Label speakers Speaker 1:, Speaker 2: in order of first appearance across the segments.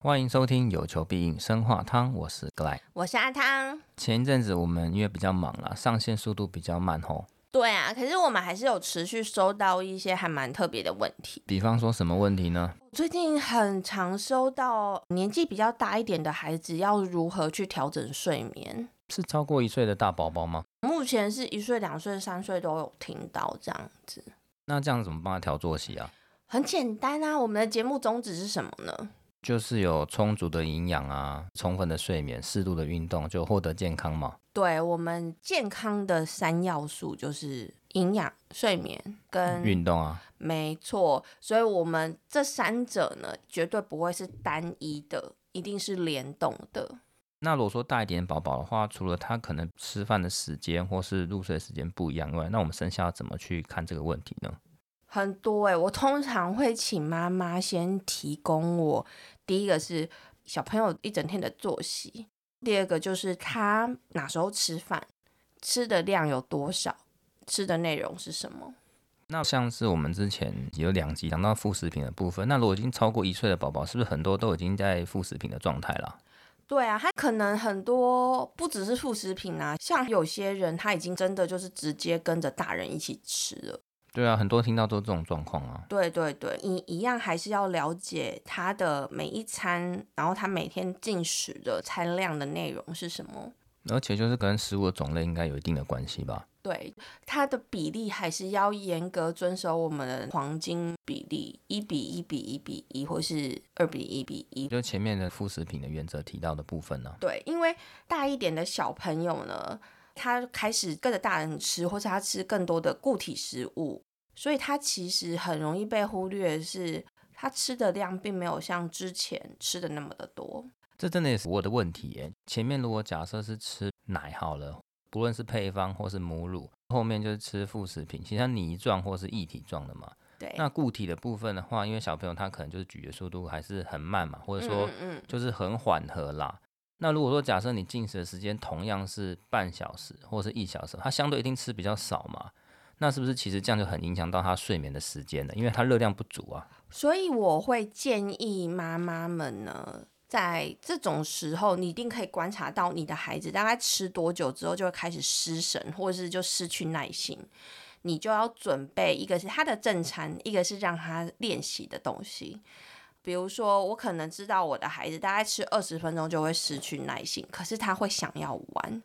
Speaker 1: 歡迎收聽有求必應生化湯，我是 Gly，
Speaker 2: 我是阿湯。
Speaker 1: 前一陣子我們因為比較忙了，上線速度比較慢吼、
Speaker 2: 哦。對啊，可是我們還是有持續收到一些還蠻特別的問題。
Speaker 1: 比方說什麼問題呢？
Speaker 2: 最近很常收到年紀比較大一點的孩子要如何去調整睡眠，
Speaker 1: 是超過一歲的大寶寶嗎？
Speaker 2: 目前是一歲、兩歲、三歲都有聽到這樣子。
Speaker 1: 那這樣怎麼幫他調作息啊？
Speaker 2: 很簡單啊，我們的節目宗旨是什麼呢？
Speaker 1: 就是有充足的營養啊，充分的睡眠，適度的運動，就獲得健康嘛。
Speaker 2: 對，我們健康的三要素就是營養、睡眠跟運動啊，沒錯。所以，我們這三者呢，絕對不會是單一的，一定是聯動的。
Speaker 1: 那如果說大一點寶寶的話，除了他可能吃飯的時間或是入睡的時間不一樣外，那我們剩下要怎麼去看這個問題呢？
Speaker 2: 很多欸，我通常會請媽媽先提供我，第一個是小朋友一整天的作息，第二個就是他哪時候吃飯，吃的量有多少，吃的內容是什麼。
Speaker 1: 那像是我們之前有兩集講到副食品的部分，那如果已經超過一歲的寶寶，是不是很多都已經在副食品的狀態了？
Speaker 2: 對啊，他可能很多不只是副食品啊，像有些人他已經真的就是直接跟着大人一起吃了。
Speaker 1: 對啊，很多聽到都是這種狀況啊。
Speaker 2: 對對對，你一樣還是要了解他的每一餐，然後他每天進食的餐量的內容是什麼。
Speaker 1: 而且就是跟食物的種類應該有一定的關係吧？
Speaker 2: 對，它的比例還是要嚴格遵守我們的黃金比例，一比一比一比一，或是二比一比一。就前
Speaker 1: 面的副食品的原則提到的部分呢，
Speaker 2: 對，因為大一點的小朋友呢，他開始跟着大人吃，或是他吃更多的固體食物。所以他其實很容易被忽略，是他吃的量並沒有像之前吃的那
Speaker 1: 麼的多。這真的也是我的問題耶。前面如果假設是吃奶好了，不論是配方或是母乳，後面就是吃副食品，其實它泥狀或是液體狀的嘛。對。那固體的部分的話，因為小朋友他可能就是咀嚼速度還是很慢嘛，或者說就是很緩和啦，嗯嗯。那如果說假設你進食的時間同樣是半小時或是一小時，他相對一定吃比較少嘛。那是不是其實這樣就很影響到他睡眠的時間了？因為他熱量不足啊。
Speaker 2: 所以我會建議媽媽們呢，在這種時候，你一定可以觀察到你的孩子大概吃多久之後就會開始失神，或者是就失去耐心。你就要準備一個是他的正餐，一個是讓他練習的東西。比如說，我可能知道我的孩子大概吃二十分鐘就會失去耐心，可是他會想要玩。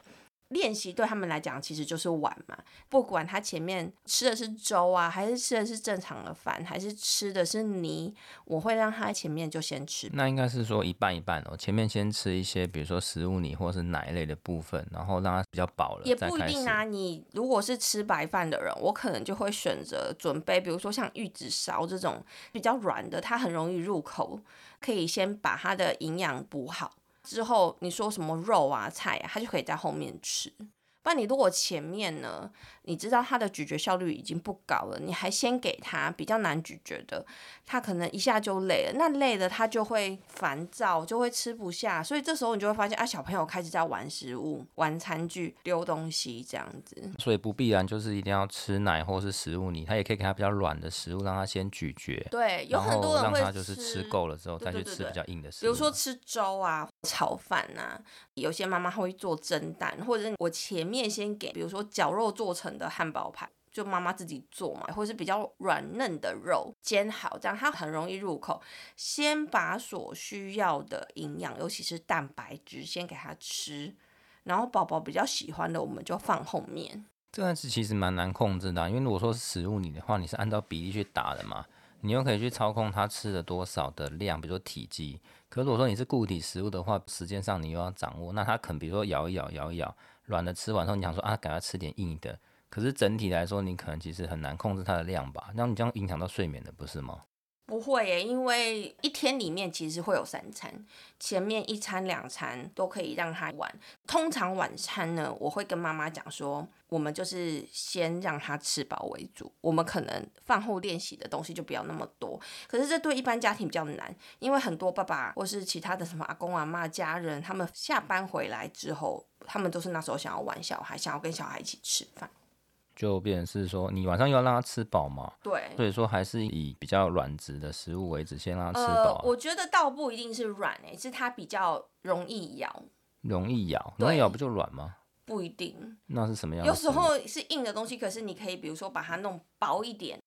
Speaker 2: 練習對他們來講其實就是玩嘛，不管他前面吃的是粥啊，還是吃的是正常的飯，還是吃的是泥，我會讓他前面就先吃。那
Speaker 1: 應該是說一半一半哦，前面先吃一些，比如說食物泥或是奶類的部分，然後讓他比較飽了。也不一定啊，
Speaker 2: 你如果是吃白飯的人，我可能就會選擇準備，比如說像玉子燒這種比較軟的，它很容易入口，可以先把它的營養補好。之後你說什麼肉啊、菜啊，他就可以在後面吃。但你如果前面呢，你知道他的咀嚼效率已經不高了，你還先給他比較難咀嚼的，他可能一下就累了，那累了他就會煩躁，就會吃不下，所以這時候你就會發現啊，小朋友開始在玩食物、玩餐具、丟東西這樣子。
Speaker 1: 所以不必然就是一定要吃奶或是食物，你他也可以給他比較軟的食物讓他先咀嚼。對，有很多人會吃夠了之後對對對對對再去吃比較硬的食物。比如說
Speaker 2: 吃粥啊、炒飯啊，有些媽媽會做蒸蛋，或者是我前面。面先給，比如說絞肉做成的漢堡排，就媽媽自己做嘛，或者是比較軟嫩的肉煎好，這樣它很容易入口。先把所需要的營養，尤其是蛋白質，先給它吃，然後寶寶比較喜歡的，我們就放後面。
Speaker 1: 這件事其實蠻難控制的啊，因為如果說是食物泥的話，你是按照比例去打的嘛，你又可以去操控他吃了多少的量，比如說體積。可是如果說你是固體食物的話，時間上你又要掌握，那他可能比如說咬一咬，咬一咬。軟的吃完之後，你想說啊，給他吃點硬的，可是整體來說，你可能其實很難控制它的量吧，那你這樣影響到睡眠的，不是嗎？
Speaker 2: 不會耶，因為一天裡面其實會有三餐，前面一餐兩餐都可以讓他玩。通常晚餐呢，我會跟媽媽講說，我們就是先讓他吃飽為主，我們可能飯後練習的東西就不要那麼多。可是這對一般家庭比較難，因為很多爸爸或是其他的什麼阿公阿嬤、家人，他們下班回來之後，他們都是那時候想要玩小孩，想要跟小孩一起吃飯。
Speaker 1: 就變成是說，你晚上要讓它吃飽嘛？對，所以說還是以比較軟質的食物為主。先讓它吃飽、啊呃。
Speaker 2: 我覺得倒不一定是軟誒、欸，是它比較容易咬。
Speaker 1: 容易咬，容易咬不就軟嗎？
Speaker 2: 不一定。
Speaker 1: 那是什麼樣的？有時候
Speaker 2: 是硬的東西，可是你可以比如說把它弄薄一點。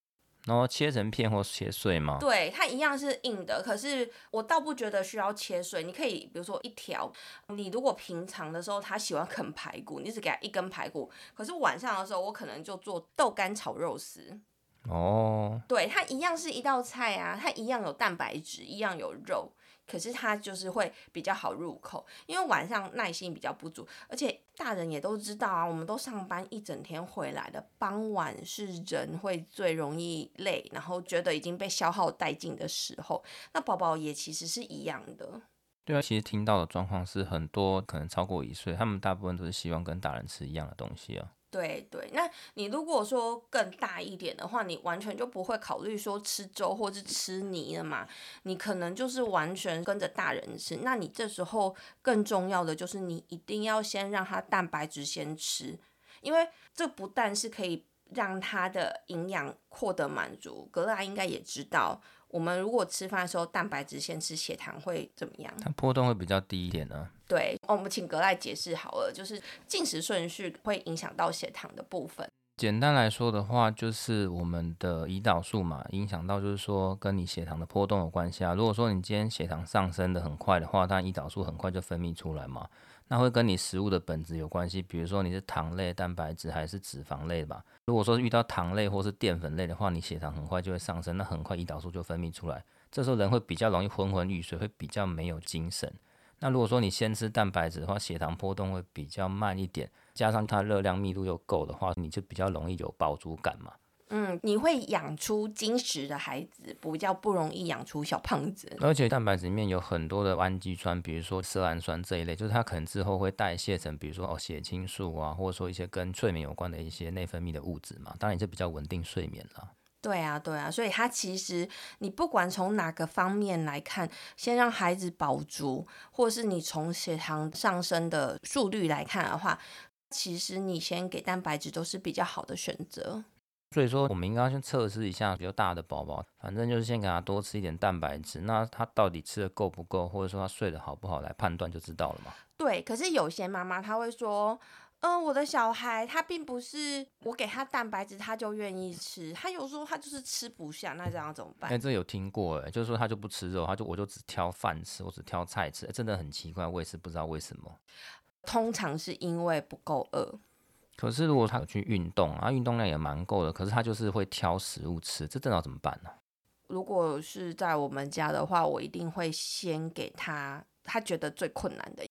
Speaker 1: 然、oh, 切成片或切碎嗎？
Speaker 2: 對，它一樣是硬的。可是我倒不覺得需要切碎。你可以比如說一條，你如果平常的時候他喜歡啃排骨，你只給他一根排骨。可是晚上的時候，我可能就做豆乾炒肉絲。
Speaker 1: 哦、oh.，
Speaker 2: 對，它一樣是一道菜啊，它一樣有蛋白質，一樣有肉。可是他就是會比較好入口，因為晚上耐心比較不足，而且大人也都知道啊，我們都上班一整天回來的，傍晚是人會最容易累，然後覺得已經被消耗殆盡的時候，那寶寶也其實是一樣的。
Speaker 1: 對啊，其實聽到的狀況是很多，可能超過一歲，他們大部分都是希望跟大人吃一樣的東西啊、哦。
Speaker 2: 對對，那你如果說更大一點的話，你完全就不會考慮說吃粥或者吃泥了嘛？你可能就是完全跟着大人吃。那你這時候更重要的就是，你一定要先讓他蛋白質先吃，因為這不但是可以讓他的營養獲得滿足。Gly 應該也知道。我們如果吃飯的時候蛋白質先吃，血糖會怎麼樣？它
Speaker 1: 波動會比較低一點呢、啊？
Speaker 2: 對、哦，我們請格萊解釋好了，就是進食順序會影響到血糖的部分。
Speaker 1: 簡單來說的話，就是我們的胰島素嘛，影響到就是說跟你血糖的波動有關係啊。如果說你今天血糖上升得很快的話，它胰島素很快就分泌出來嘛。那會跟你食物的本質有關係，比如說你是糖類、蛋白質還是脂肪類的吧。如果說遇到糖類或是澱粉類的話，你血糖很快就會上升，那很快胰島素就分泌出來，這時候人會比較容易昏昏欲睡，會比較沒有精神。那如果說你先吃蛋白質的話，血糖波動會比較慢一點，加上它熱量密度又夠的話，你就比較容易有飽足感嘛。
Speaker 2: 嗯，你會養出精實的孩子，比較不容易養出小胖子。而且
Speaker 1: 蛋白質裡面有很多的氨基酸，比如說色氨酸這一類，就是它可能之後會代謝成，比如說哦血清素啊，或者說一些跟睡眠有關的一些內分泌的物質嘛。當然，就比較穩定睡眠了。
Speaker 2: 對啊，對啊，所以它其實你不管從哪個方面來看，先讓孩子飽足，或是你從血糖上升的速率來看的話，其實你先給蛋白質都是比較好的選擇。
Speaker 1: 所以說，我們應該先測試一下比較大的寶寶，反正就是先給他多吃一點蛋白質。那他到底吃得夠不夠，或者說他睡得好不好，來判斷就知道了嘛。
Speaker 2: 對，可是有些媽媽她會說，嗯、呃，我的小孩他並不是我給他蛋白質他就願意吃，他有時候他就是吃不下，那這樣怎麼辦？哎、欸，
Speaker 1: 這有聽過哎、欸，就是說他就不吃肉，他就我就只挑飯吃，我只挑菜吃，欸，真的很奇怪，我也是不知道為什麼。
Speaker 2: 通常是因為不夠餓。
Speaker 1: 可是如果他有去運動啊，運動量也蠻夠的。可是他就是會挑食物吃，這真的怎麼辦呢、啊？
Speaker 2: 如果是在我們家的話，我一定會先給他，他覺得最困難的。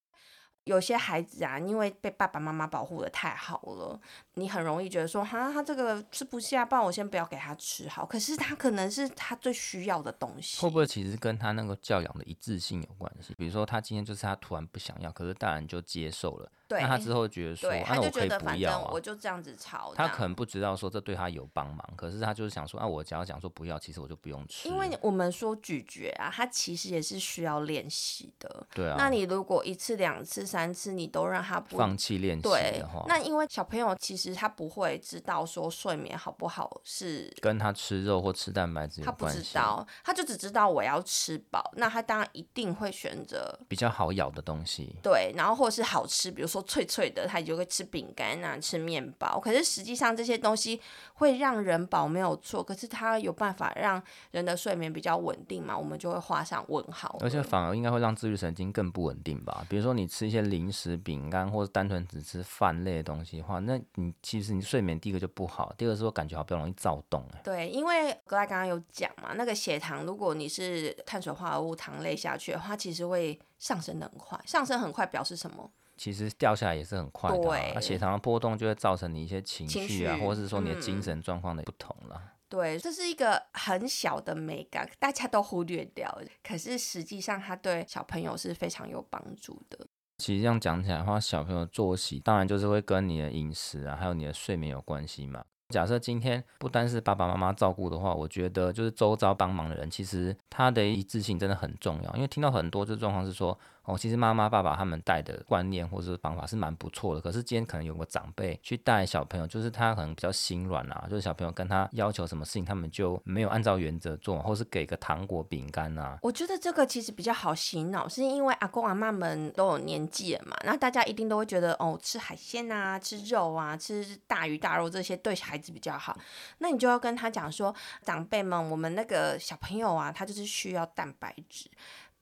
Speaker 2: 有些孩子啊，因為被爸爸媽媽保護得太好了，你很容易覺得說，哈，他這個吃不下，不然我先不要給他吃好。可是他可能是他最需要的東
Speaker 1: 西。會不會其實跟他那個教養的一致性有關係？比如說他今天就是他突然不想要，可是大人就接受了。對，那他之後覺得說，他就覺得反正我
Speaker 2: 就這樣子吵。那我可以不要啊，他可能
Speaker 1: 不知道說這對他有幫忙，可是他就是想說，啊，我只要講說不要，其實我就不用吃。因
Speaker 2: 為我們說咀嚼啊，他其實也是需要練習的。對啊。那你如果一次、兩次、三次，你都讓他不放棄練習的話，對，那因為小朋友其實他不會知道說睡眠好不好是
Speaker 1: 跟他吃肉或吃蛋白質，他不知
Speaker 2: 道，他就只知道我要吃飽。那他當然一定會選擇
Speaker 1: 比較好咬的東西。
Speaker 2: 對，然後或者是好吃，比如說。說脆脆的，它就會吃餅乾啊，吃麵包。可是實際上這些東西會讓人飽，沒有錯。可是它有辦法讓人的睡眠比較穩定嘛？我們就會畫上問號而已。而且
Speaker 1: 反而應該會讓自律神經更不穩定吧？比如說你吃一些零食、餅乾，或者單純只吃飯類的東西的話，那你其實你睡眠第一個就不好，第二個是會感覺好比較容易躁動。
Speaker 2: 對，因為 Gly 剛剛有講嘛，那個血糖，如果你是碳水化合物、糖類下去的話，它其實會上升的很快。上升很快表示什麼？
Speaker 1: 其實掉下來也是很快的，對啊，血糖的波動就會造成你一些情緒啊，情緒或者是說你的精神狀況的不同了、
Speaker 2: 嗯。對，這是一個很小的美感，大家都忽略掉，可是實際上它對小朋友是非常有幫助的。
Speaker 1: 其實這樣講起來的話，小朋友的作息當然就是會跟你的飲食啊，還有你的睡眠有關係嘛。假設今天不單是爸爸媽媽照顧的話，我覺得就是周遭幫忙的人，其實他的一致性真的很重要，因為聽到很多這狀況是說。哦，其實媽媽、爸爸他們帶的觀念或者方法是蠻不錯的，可是今天可能有個長輩去帶小朋友，就是他可能比較心軟啊，就是小朋友跟他要求什麼事情，他們就沒有按照原則做，或是給個糖果、餅乾啊。
Speaker 2: 我覺得這個其實比較好洗腦，是因為阿公阿嬤們都有年紀了嘛，那大家一定都會覺得哦，吃海鮮啊、吃肉啊、吃大魚大肉這些對孩子比較好。那你就要跟他講說，長輩們，我們那個小朋友啊，他就是需要蛋白質。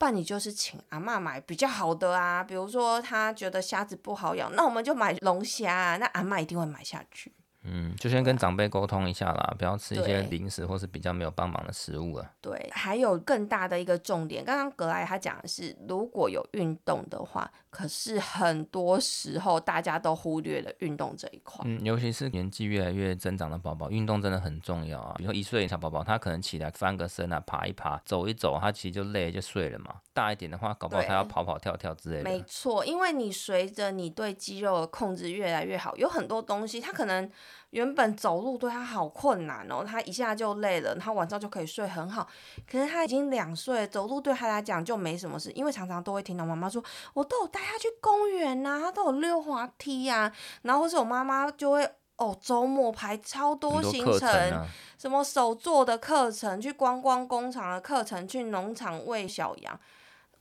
Speaker 2: 那你就是請阿嬤買比較好的啊，比如說他覺得蝦子不好養，那我們就買龍蝦，那阿嬤一定會買下去。
Speaker 1: 嗯，就先跟長輩溝通一下啦、啊，不要吃一些零食或是比較沒有幫忙的食物了、啊。
Speaker 2: 對，還有更大的一個重點，剛剛 Gly 他講的是，如果有運動的話，可是很多時候大家都忽略了運動這一
Speaker 1: 塊。嗯，尤其是年紀越來越增長的寶寶，運動真的很重要啊。比如說一歲以上寶寶，他可能起來翻個身啊，爬一爬，走一走，他其實就累就睡了嘛。大一點的話，搞不好他要跑跑跳跳之類的。沒
Speaker 2: 錯，因為你隨着你對肌肉的控制越來越好，有很多東西他可能。原本走路對他好困難哦，他一下就累了，他晚上就可以睡很好。可是他已經兩歲，走路對他來講就沒什麼事，因為常常都會聽到媽媽說，我都有帶他去公園啊，都有溜滑梯啊，然後或是我媽媽就會哦，周末排超多行程，很多課程啊，什麼手做的課程，去觀光工廠的課程，去農場餵小羊。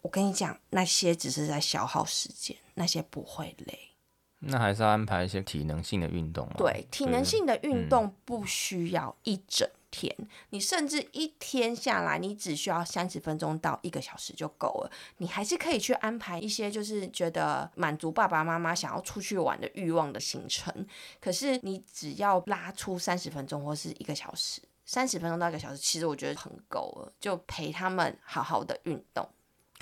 Speaker 2: 我跟你講，那些只是在消耗時間，那些不會累。
Speaker 1: 那還是要安排一些體能性的運動。對，
Speaker 2: 體能性的運動不需要一整天，嗯，你甚至一天下來，你只需要三十分鐘到一個小時就夠了。你還是可以去安排一些，就是覺得滿足爸爸媽媽想要出去玩的慾望的行程。可是你只要拉出三十分鐘或是一個小時，三十分鐘到一個小時，其實我覺得很夠了，就陪他們好好的運動。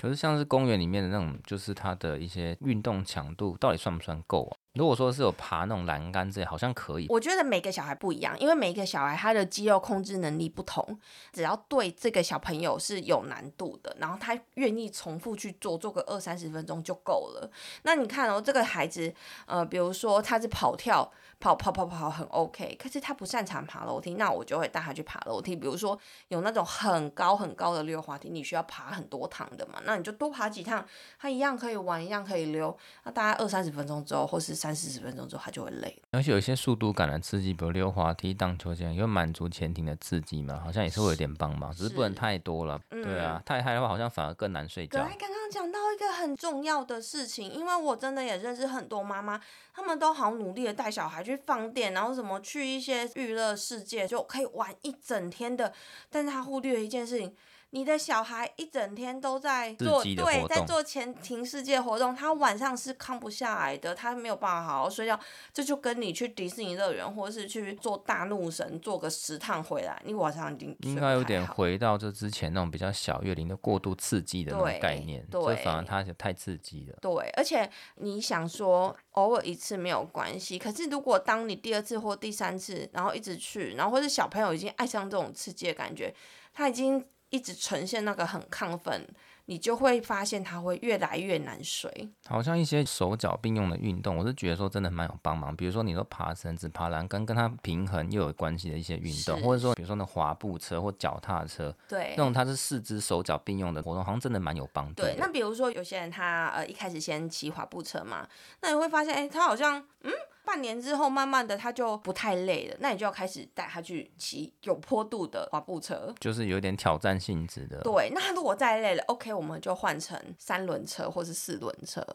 Speaker 1: 可、就是，像是公園裡面的那種，就是它的一些運動強度，到底算不算夠啊？如果說是有爬那種欄杆之類，好像可以。我
Speaker 2: 覺得每個小孩不一樣，因為每一個小孩他的肌肉控制能力不同。只要對這個小朋友是有難度的，然後他願意重複去做，做個二三十分鐘就夠了。那你看哦，這個孩子，呃，比如說他是跑跳跑跑跑跑很 OK，可是他不擅長爬樓梯，那我就會帶他去爬樓梯。比如說有那種很高很高的溜滑梯，你需要爬很多趟的嘛，那你就多爬幾趟，他一樣可以玩，一樣可以溜。那大概二三十分鐘之後，或是。三四十分鐘之後，他就會累。
Speaker 1: 而且有一些速度感的刺激，比如溜滑梯、盪秋千，因為滿足前庭的刺激嘛，好像也是會有點幫忙，只是不能太多了。對啊，嗯、太嗨的話，好像反而更難睡覺。我
Speaker 2: 剛剛講到一個很重要的事情，因為我真的也認識很多媽媽，他們都好努力的帶小孩去放電，然後什麼去一些娛樂世界就可以玩一整天的，但是他忽略了一件事情。你的小孩一整天都在做對，在做前庭世界活動，他晚上是扛不下來的，他沒有辦法好好睡覺。這就跟你去迪士尼樂園，或是去做大怒神，做個十趟回來，你晚上已經
Speaker 1: 應該有點回到這之前那種比較小月齡的過度刺激的那種概念，對？反而他就太刺激了
Speaker 2: 對。對，而且你想說偶爾一次沒有關係，可是如果當你第二次或第三次，然後一直去，然後或是小朋友已經愛上這種刺激的感覺，他已經。一直呈現那個很亢奮，你就會發現它會越來越難睡。
Speaker 1: 好像一些手腳並用的運動，我是覺得說真的蠻有幫忙。比如說你說爬繩子、爬欄杆，跟它平衡又有關係的一些運動，或者說比如說那滑步車或腳踏車，對，那種它是四肢手腳並用的活動，好像真的蠻有幫助。對，
Speaker 2: 那比如說有些人他呃一開始先騎滑步車嘛，那你會發現哎、欸，他好像嗯。半年之後，慢慢的他就不太累了，那你就要開始帶他去騎有坡度的滑步車，
Speaker 1: 就是有點挑戰性質的。對，
Speaker 2: 那如果再累了，OK，我們就換成三輪車或是四輪車，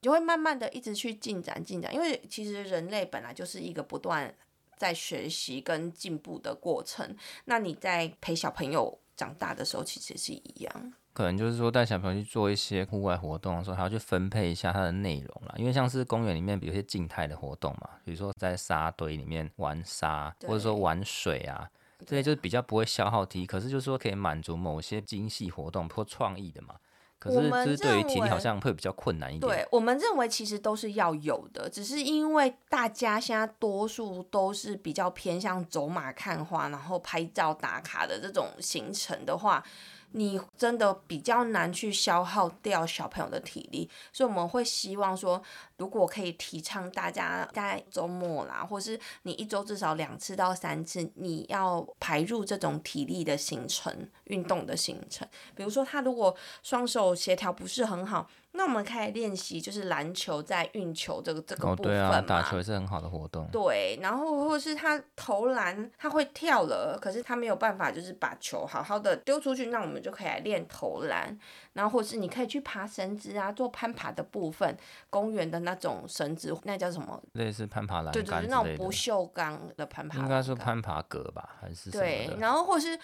Speaker 2: 你就會慢慢的一直去進展、進展。因為其實人類本來就是一個不斷在學習跟進步的過程。那你在陪小朋友。長大的時候其實是一樣，
Speaker 1: 可能就是說帶小朋友去做一些戶外活動的時候，還要去分配一下它的內容啦。因為像是公園裡面，有一些靜態的活動嘛，比如說在沙堆裡面玩沙，或者說玩水啊，這些就是比較不會消耗體力，可是就是說可以滿足某些精細活動或創意的嘛。可是，其實對於體力好像會比較困難一點。對，
Speaker 2: 我們認為其實都是要有的，只是因為大家現在多數都是比較偏向走馬看花，然後拍照打卡的這種行程的話。你真的比較難去消耗掉小朋友的體力，所以我們會希望說，如果可以提倡大家在周末啦，或是你一周至少兩次到三次，你要排入這種體力的行程、運動的行程。比如說，他如果雙手協調不是很好。那我們可以練習，就是籃球在運球這個、哦、這個部分嘛，對啊，打球
Speaker 1: 也是很好的活動。
Speaker 2: 對，然後或是他投籃，他會跳了，可是他沒有辦法，就是把球好好的丟出去。那我們就可以來練投籃。然後或是你可以去爬繩子啊，做攀爬的部分，公園的那種繩子，那叫什麼？
Speaker 1: 類似攀爬欄杆之類的。對對對，就是、那種不鏽
Speaker 2: 鋼的攀爬。應該是
Speaker 1: 攀爬格吧，還是什麼？對，
Speaker 2: 然後或是。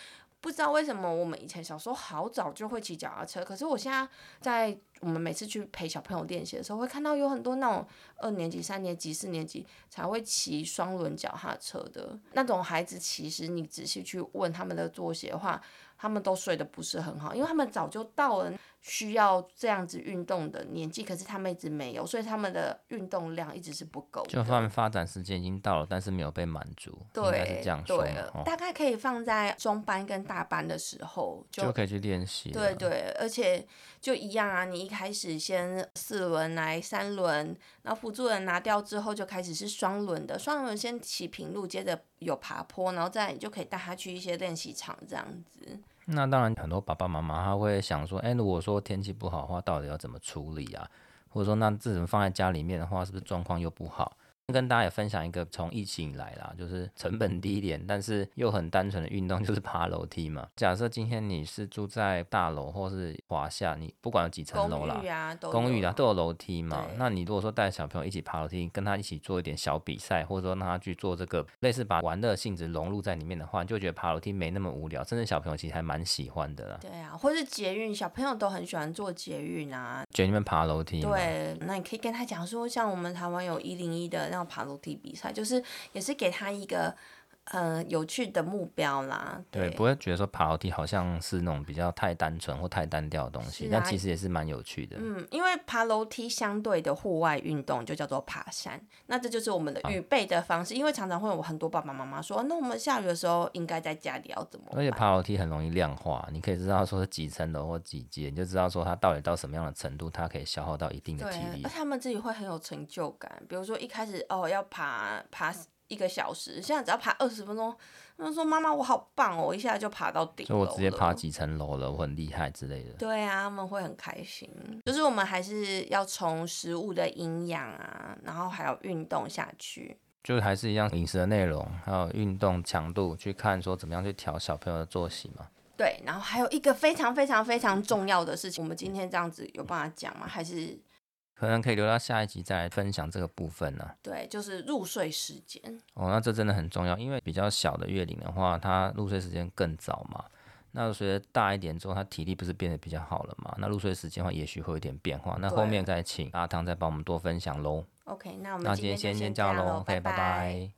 Speaker 2: 不知道為什麼，我們以前小時候好早就會騎腳踏車，可是我現在在我們每次去陪小朋友練習的時候，會看到有很多那種二年級、三年級、四年級才會騎雙輪腳踏車的那種孩子。其實你仔細去問他們的作息的話，他們都睡得不是很好，因為他們早就到了需要這樣子運動的年紀，可是他們一直沒有，所以他們的運動量一直是不夠。就
Speaker 1: 發發展時間已經到了，但是沒有被滿足，對，應該是這樣說。對、哦，大
Speaker 2: 概可以放在中班跟大班的時候就，就可以去練習。對，對對，而且就一樣啊，你一開始先四輪來三輪，然後輔助人拿掉之後就開始是雙輪的，雙輪先騎平路，接着有爬坡，然後再你就可以帶他去一些練習場這樣子。
Speaker 1: 那當然，很多爸爸媽媽他會想說，哎、欸，如果說天氣不好的話，到底要怎麼處理啊？或者說，那自己放在家裡面的話，是不是狀況又不好？跟大家也分享一個從疫情以來啦，就是成本低廉但是又很單純的運動，就是爬樓梯嘛。假設今天你是住在大樓或是華廈，你不管有幾層樓啦，公寓啊都有樓梯嘛，公寓啊都有樓梯嘛。那你如果說帶小朋友一起爬樓梯，跟他一起做一點小比賽，或者說讓他去做這個類似把玩樂性質融入在裡面的話，你就覺得爬樓梯沒那麼無聊，甚至小朋友其實還蠻喜歡的啦。
Speaker 2: 對啊，或是捷運，小朋友都很喜歡坐捷運啊，覺
Speaker 1: 得你們爬樓梯。
Speaker 2: 對，那你可以跟他講說，像我們台灣有一零一的。這樣爬樓梯比賽，就是也是給他一個。呃，有趣的目標啦，對，
Speaker 1: 對不會覺得說爬樓梯好像是那種比較太單純或太單調的東西，那、啊、其實也是蠻有趣的。
Speaker 2: 嗯，因為爬樓梯相對的戶外運動就叫做爬山，那這就是我們的預備的方式、啊，因為常常會有很多爸爸媽媽說，那我們下雨的時候應該在家裡要怎
Speaker 1: 麼辦？而且爬樓梯很容易量化，你可以知道說是幾層樓或幾階，你就知道說它到底到什麼樣的程度，它可以消耗到一定的體力。對啊，而
Speaker 2: 他們自己會很有成就感，比如說一開始哦要爬爬。一個小時，現在只要爬二十分鐘，他們說，媽媽我好棒哦、喔，我一下就爬到頂，就我直接爬
Speaker 1: 幾層樓了，我很厲害之類的。
Speaker 2: 對啊，他們會很開心。就是我們還是要從食物的營養啊，然後還有運動下去，
Speaker 1: 就是還是一樣飲食的內容，還有運動強度，去看說怎麼樣去調小朋友的作息嘛。
Speaker 2: 對，然後還有一個非常非常非常重要的事情，我們今天這樣子有辦法講嗎？還是？
Speaker 1: 可能可以留到下一集再來分享這個部分呢、啊。
Speaker 2: 對，就是入睡時間。
Speaker 1: 哦，那這真的很重要，因為比較小的月齡的話，他入睡時間更早嘛。那隨着大一點之後，他體力不是變得比較好了嘛？那入睡時間的話，也許會有點變化。那後面再請阿湯再幫我們多分享嘍。OK，那我們今天先這樣嘍，OK，bye bye. 拜拜。